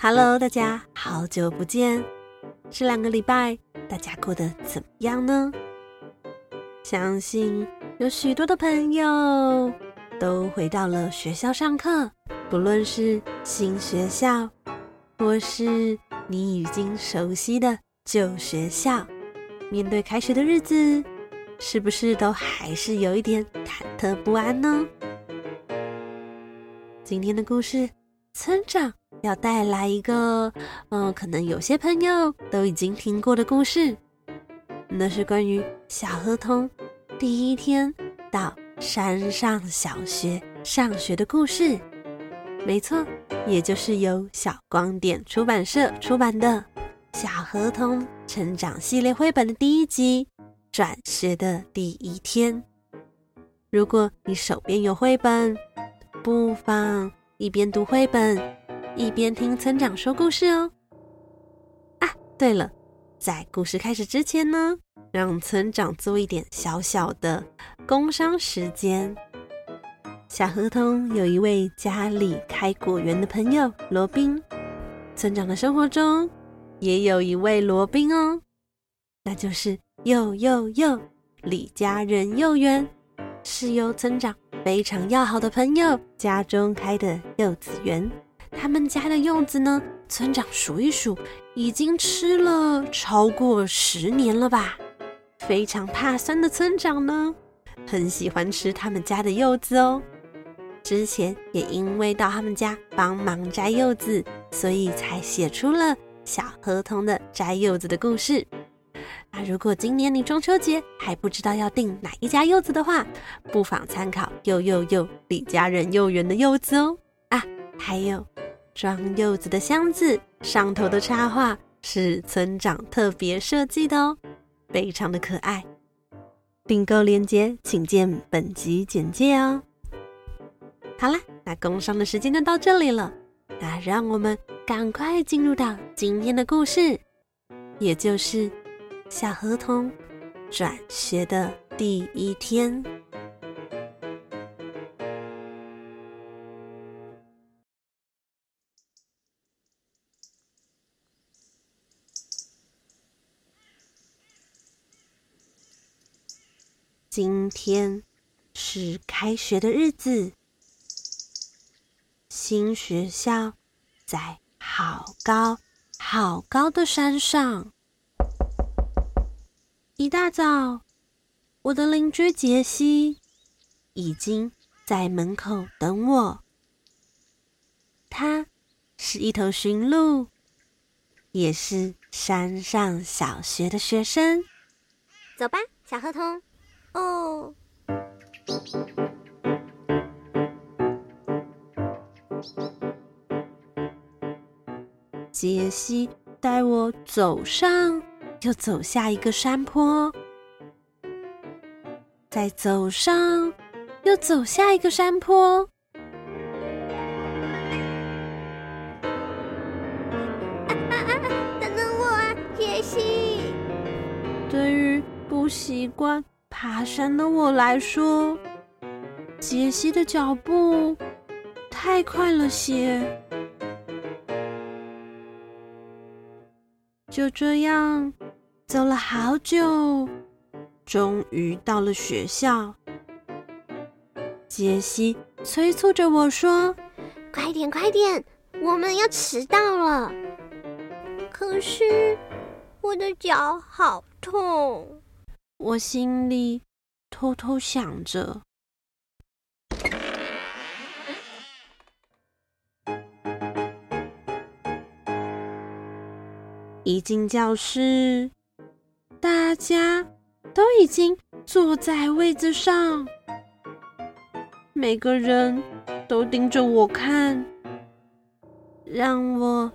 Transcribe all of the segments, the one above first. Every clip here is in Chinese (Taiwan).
Hello，大家好久不見！這兩個禮拜大家過得怎麼樣呢？相信有許多的朋友都回到了學校上課，不論是新學校或是你已經熟悉的舊學校，面對開學的日子，是不是都還是有一點忐忑不安呢？今天的故事，村長。要帶來一個，嗯、呃，可能有些朋友都已經聽過的故事，那是關於小河童第一天到山上小學上學的故事。沒錯，也就是由小光點出版社出版的《小河童成長系列繪本》的第一集《轉學的第一天》。如果你手邊有繪本，不妨一邊讀繪本。一邊聽村長說故事哦。啊，對了，在故事開始之前呢，讓村長做一點小小的工商時間。小河童有一位家裡開果園的朋友羅賓，村長的生活中也有一位羅賓哦，那就是柚！yo！柚！李嘉仁柚園，是由村長非常要好的朋友，家中開的柚子園。他們家的柚子呢，村長數一數，已經吃了超過十年了吧。非常怕酸的村長呢，很喜歡吃他們家的柚子哦。之前也因為到他們家幫忙摘柚子，所以才寫出了小河童的摘柚子的故事。那如果今年你中秋節還不知道要訂哪一家柚子的話，不妨參考柚！yo！柚！李嘉仁柚園的柚子哦。啊，還有。裝柚子的箱子上頭的插畫是村長特別設計的哦，非常的可愛。訂購鏈接請見本集簡介哦。好啦，那工商的時間就到這裡了，那讓我們趕快進入到今天的故事，也就是小河童轉學的第一天。今天是開學的日子，新學校在好高好高的山上。一大早，我的鄰居杰西已經在門口等我。他是一頭馴鹿，也是山上小學的學生。走吧，小河童。哦，傑西帶我走上又走下一個山坡，再走上又走下一個山坡。啊啊啊，等等我，啊，傑西，對於不習慣爬山的我來說，傑西的腳步太快了些。就這樣走了好久，終於到了學校。傑西催促着我說：“快點，快點，我們要遲到了！”可是我的腳好痛。我心裡偷偷想着，一進教室，大家都已經坐在位子上，每個人都盯着我看，讓我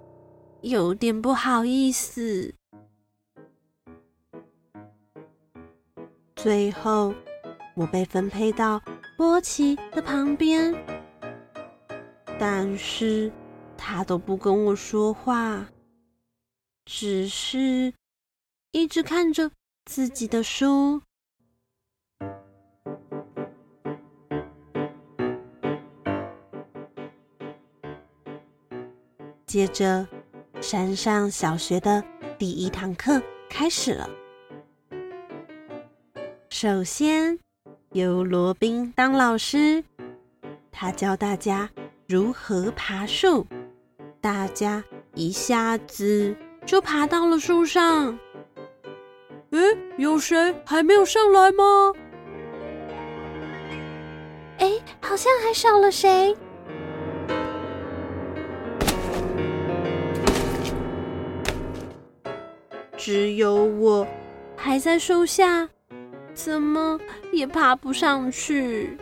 有點不好意思。最後，我被分配到波奇的旁邊，但是他都不跟我說話，只是一直看着自己的書。接着，山上小學的第一堂課開始了。首先由羅賓當老師，他教大家如何爬樹，大家一下子就爬到了樹上。哎，有誰還沒有上來嗎？哎，好像還少了誰？只有我還在樹下。怎麼也爬不上去，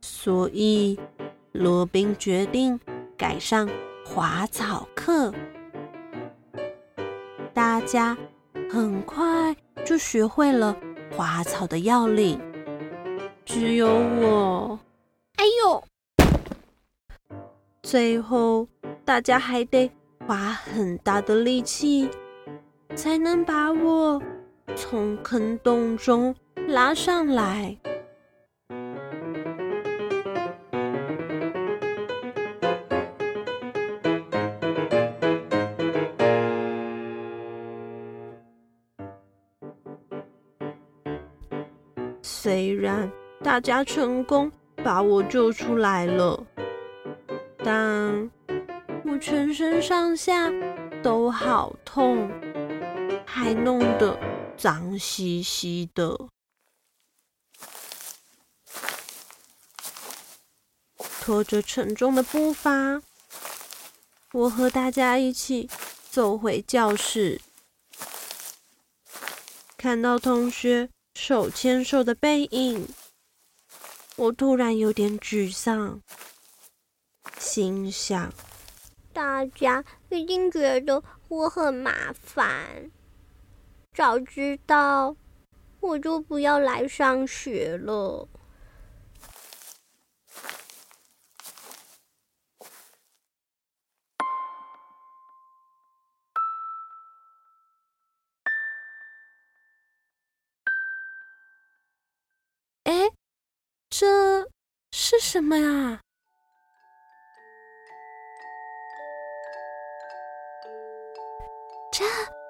所以羅賓決定改上滑草課。大家很快就學會了滑草的要領，只有我……哎呦！最後大家還得，花很大的力氣，才能把我從坑洞中拉上來。雖然大家成功把我救出來了，但……我全身上下都好痛，還弄得髒兮兮的。拖着沉重的步伐，我和大家一起走回教室。看到同學手牽手的背影，我突然有點沮喪，心想。大家一定覺得我很麻煩，早知道我就不要來上學了。哎，這是什麼呀？這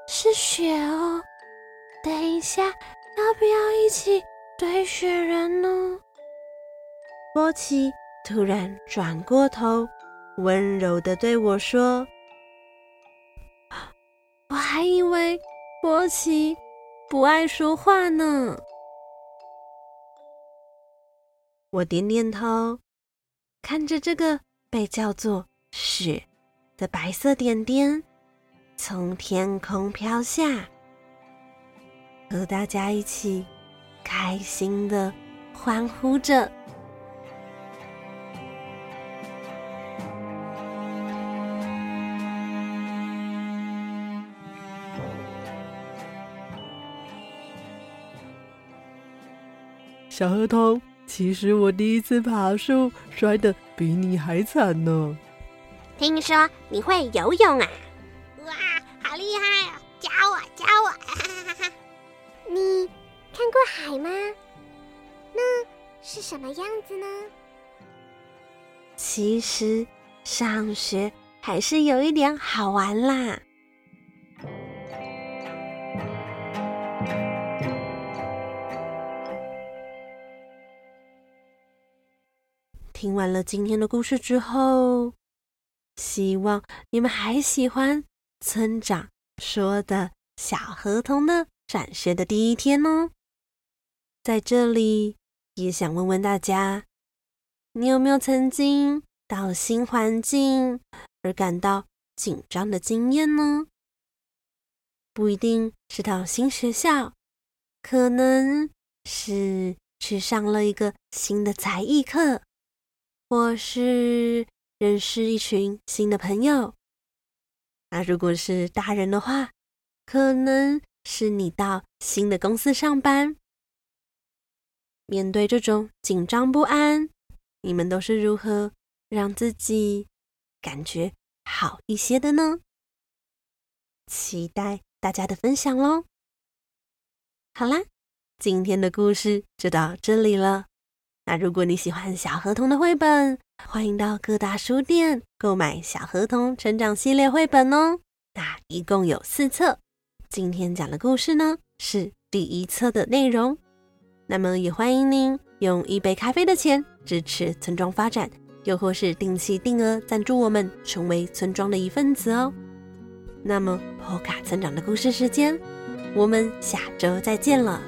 是雪哦，等一下，要不要一起堆雪人呢？波奇突然轉過頭，溫柔的對我說：“我還以為波奇不愛說話呢。”我點點頭，看着這個被叫做“雪”的白色點點。從天空飄下，和大家一起開心的歡呼着。小河童，其實我第一次爬樹摔得比你還慘呢。聽你說你會游泳啊？什麼樣子呢？其實上學還是有一點好玩啦。聽完了今天的故事之後，希望你們還喜歡村長說的小河童的轉學的第一天哦。在這裡。也想問問大家，你有沒有曾經到新環境而感到緊張的經驗呢？不一定是到新學校，可能是去上了一個新的才藝課，或是認識一群新的朋友。那如果是大人的話，可能是你到新的公司上班。面對這種緊張不安，你們都是如何讓自己感覺好一些的呢？期待大家的分享嘍！好啦，今天的故事就到這裡了。那如果你喜歡小河童的繪本，歡迎到各大書店購買小河童成長系列繪本哦。那一共有四冊，今天講的故事呢，是第一冊的內容。那麼也歡迎您用一杯咖啡的錢支持村莊發展，又或是定期定額贊助我們，成為村莊的一份子哦。那麼 PO 卡村長的故事時間，我們下周再見了。